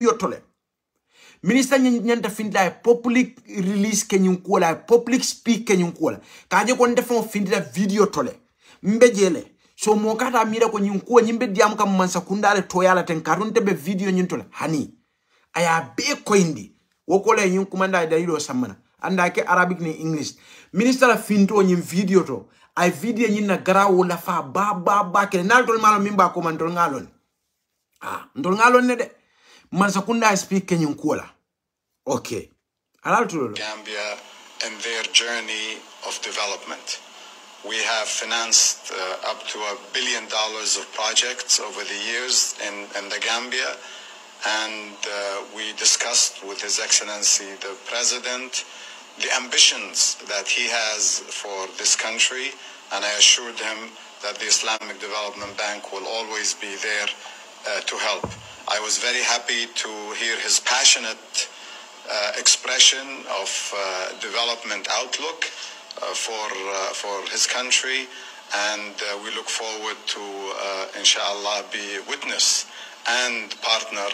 yottole ministre ñanta findila e public release ke ñin kuola e public speak ke ñin kuola kaje ko nde fon findila video tole mbe jele so mo kata mira ko ñin kuo ñimbe diam kam mansa kundale toyala ten karun tebe video ñin tole hani aya be koyndi wokole ñin kumanda e dalilo sammana anda ke arabic ni english minister la finto ñin video to ay video ñin na garawo la fa ba ba ba ke nal malo mimba ko man tol ngalon ah ndol ngalon ne de manza I speak Kenyan Okay. Okay. Alal Gambia and their journey of development. We have financed uh, up to a billion dollars of projects over the years in, in the Gambia. And uh, we discussed with His Excellency the President the ambitions that he has for this country. And I assured him that the Islamic Development Bank will always be there uh, to help. I was very happy to hear his passionate uh, expression of uh, development outlook uh, for, uh, for his country. And uh, we look forward to, uh, inshallah, be witness and partner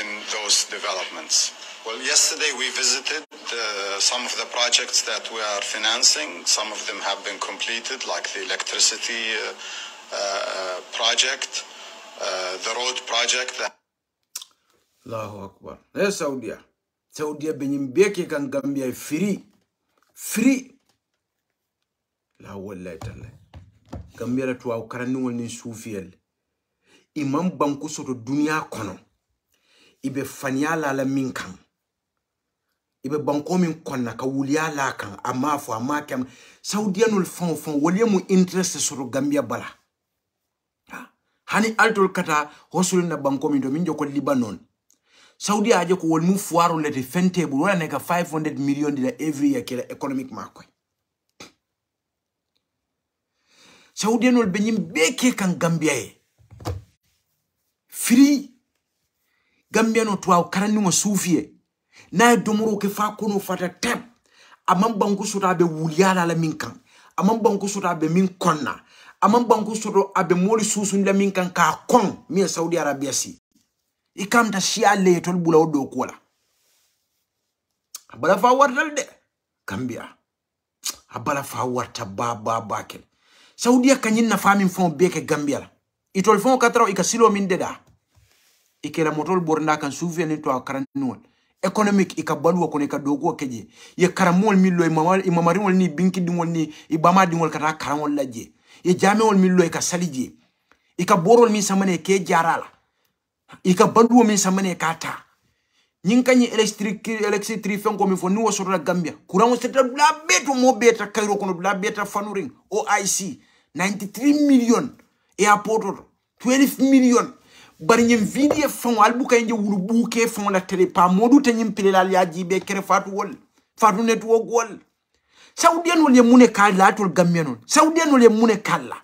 in those developments. Well, yesterday we visited uh, some of the projects that we are financing. Some of them have been completed, like the electricity uh, uh, project, the road project. Allahu akbar. Eh, Saudia, Saudia benye mbeke kan Gambia free. Free. La wala taala. Gambia la tuwa ukarani wal ni sufiyel. Imam banku soto dunia kono. Ibe fanyala la minkam. Ibe banku min konna ka wuliya la kan amma fo amma kam Saudiya nul fon fon waliya mu interest soto Gambia bala. Hani altol kata hosulina banku min do min joko Libanon. saudi aje ko wol mum foirolete fenteɓol wonane ka 500 million ɗiɗa every year kela economic ma e. saudi no ɓe ñim ɓe kan gambia e firi gambia no karani mo soufie na domoro ke fa kono fata teb aman banku soto aɓe wulyalala min kan aman banku soto aɓe min konna aman banku soto aɓe moli susundila min kan ka kon miye saudi arabia si ikamta shialle tol bula o dow kuwola a bala fa wartal de kambiya a bala fa warta ba ba ba kele saudiya kañin nafa min fon beke gambiya la itol fon katara ika silo min deda ikela motol borna kan suveni to a economic économique ika baluwa kono ika dokuwa keje ye karamol millo imamal i mamariŋol ni binkidiŋol ni i bamadiŋol kata karamol laje ye jamewol millo lo ika je ika borol min samane ke jarala i ika baduwo min samane kata ñiŋ kañi électri fenko min fo ni wo sotota gambia courant o sotota dula beeto mo beeta kayro kono dula beeta fanuring oic 93 million e a pototo 12 million bari ñin vidie fengo al bukaye je wuru ɓuuke fengo la télé pa modu ta ñin pilelal ya jiibe kere fatuwol fatu netwogwol saudiyanol ye mune kal latol gambiyanol saudiyanol ye mune kalla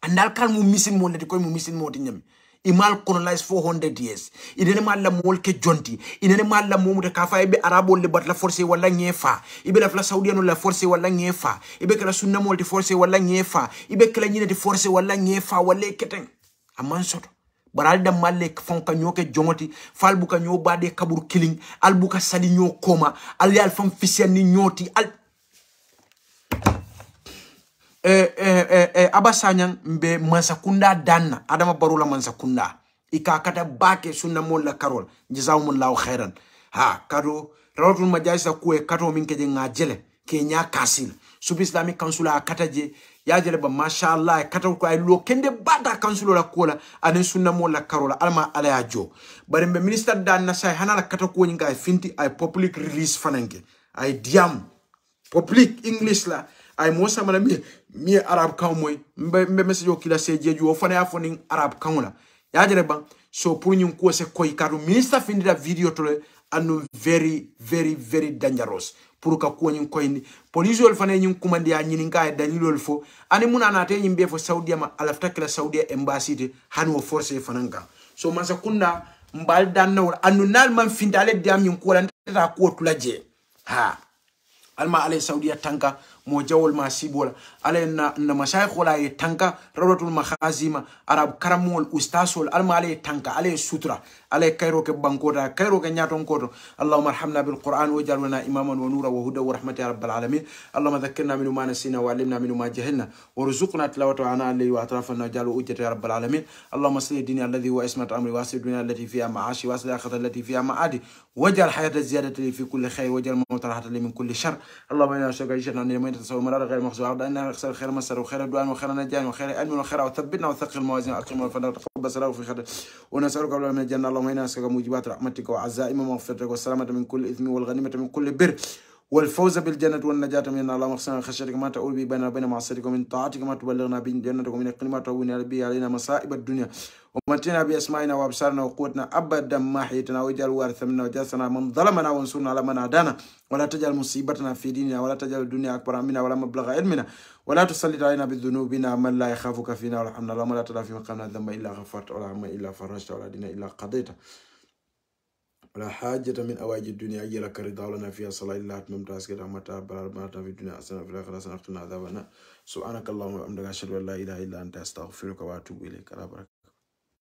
andal kal mu misin mo koye mu misin ti ñami imal colonize 400 years inene la mol ke jonti inene malla momude ka fa be arabo le bat la force wala ngefa ibe la fla saudiano la force wala ngefa ibe kala sunna mol di force wala ngefa ibe kala nyine force wala ngefa wala keten amman soto baral da malle fonka nyoke jomoti fal ka nyo bade kabur killing al ka sali nyo koma al yal fam fisian ni nyoti al eh, eh eh, eh, abasanyan mbe mansakunda danna adama barula mansakunda ika kata bake sunna mola karol jazawumullahu khairan ha kado rawatul majalisa kuwe kato minke je ngajele kenya kasil subi islami kansula a kata je ya jele ba masha Allah kata ko ay lo kende bada council la kola anen sunna molla karola alma ala ya jo bare mbe minister danna say hanala kata ko nyinga finti ay public release fananke ay diam public english la ay mo samala mi mi arab kan moy mbe mbe message o kila se jeju o fana ya foni arab kan la ya jere ba so pour ñu ko se koy kadu ministre fini da video tole anu very very very dangerous pour ka ko ñu koy ni police ol fana ñun kumandi ya ñin dañu lol fo ani mun anate ñim be fo saudi ma alafta la saudi embassy de han hanu force fananga so man sakunda mbal dan nawr anu nal man findale diam ñu ko la ta ko tulaje ha alma alay saudiya tanka mo ma sibola ala na na mashayikh wala ye tanka rawratul makhazima arab karamol ustasol alma ala ye tanka ala ye sutra ala ye kayro ke bankota kairo ke nyaton koto allahumma arhamna bil qur'an waj'alna imaman wa nura wa huda wa rahmatan ya rabbal alamin allahumma dhakkirna min ma nasina wa allimna min ma jahilna warzuqna tilawata ana alayhi wa atrafna jalu ujjata ya rabbal alamin allahumma sayyid dini alladhi wa ismat amri wa sayyid dunya allati fiha ma'ashi wa sayyid akhata allati fiha ma'adi waj'al hayata ziyadati fi kulli khair waj'al mawta li min kulli shar allahumma inna nas'aluka ajran انت تسوي مرارة غير مخزون مخزوعة لأنها خسر خير مسر وخير عدوان وخير نجان وخير علم وخير وثبتنا وثق الموازين واقيم والفنان تقبل سلام في خير ونسألك قبل من الجنة اللهم إنا نسألك موجبات رحمتك وعزائم مغفرتك والسلامة من كل إثم والغنيمة من كل بر والفوز بالجنة والنجاة من اللهم اغسلنا خشيتك ما تقول بي بيننا وبين معصيتك ومن طاعتك ما تبلغنا بين جنتك ومن القلمة تعون به علينا مصائب الدنيا ومتنا بأسمائنا وأبصارنا وقوتنا أبدا ما حيتنا واجعل وارثمنا وجسنا من ظلمنا وانصرنا على من عدانا ولا تجعل مصيبتنا في ديننا ولا تجعل الدنيا أكبر منا ولا مبلغ علمنا ولا تسلط علينا بذنوبنا من لا يخافك فينا ورحمنا حمنا اللهم لا تدع في مقامنا ذنبا إلا غفرت ولا عما إلا فرجت ولا دين إلا قضيت ولا حاجة من أواجه الدنيا أجي لك رضا لنا فيها صلاة الله أتممت أسكت أمتها بلا في الدنيا أسنا في الآخرة سنقتنا عذابنا سبحانك اللهم وبحمدك أشهد أن لا إله إلا أنت أستغفرك وأتوب إليك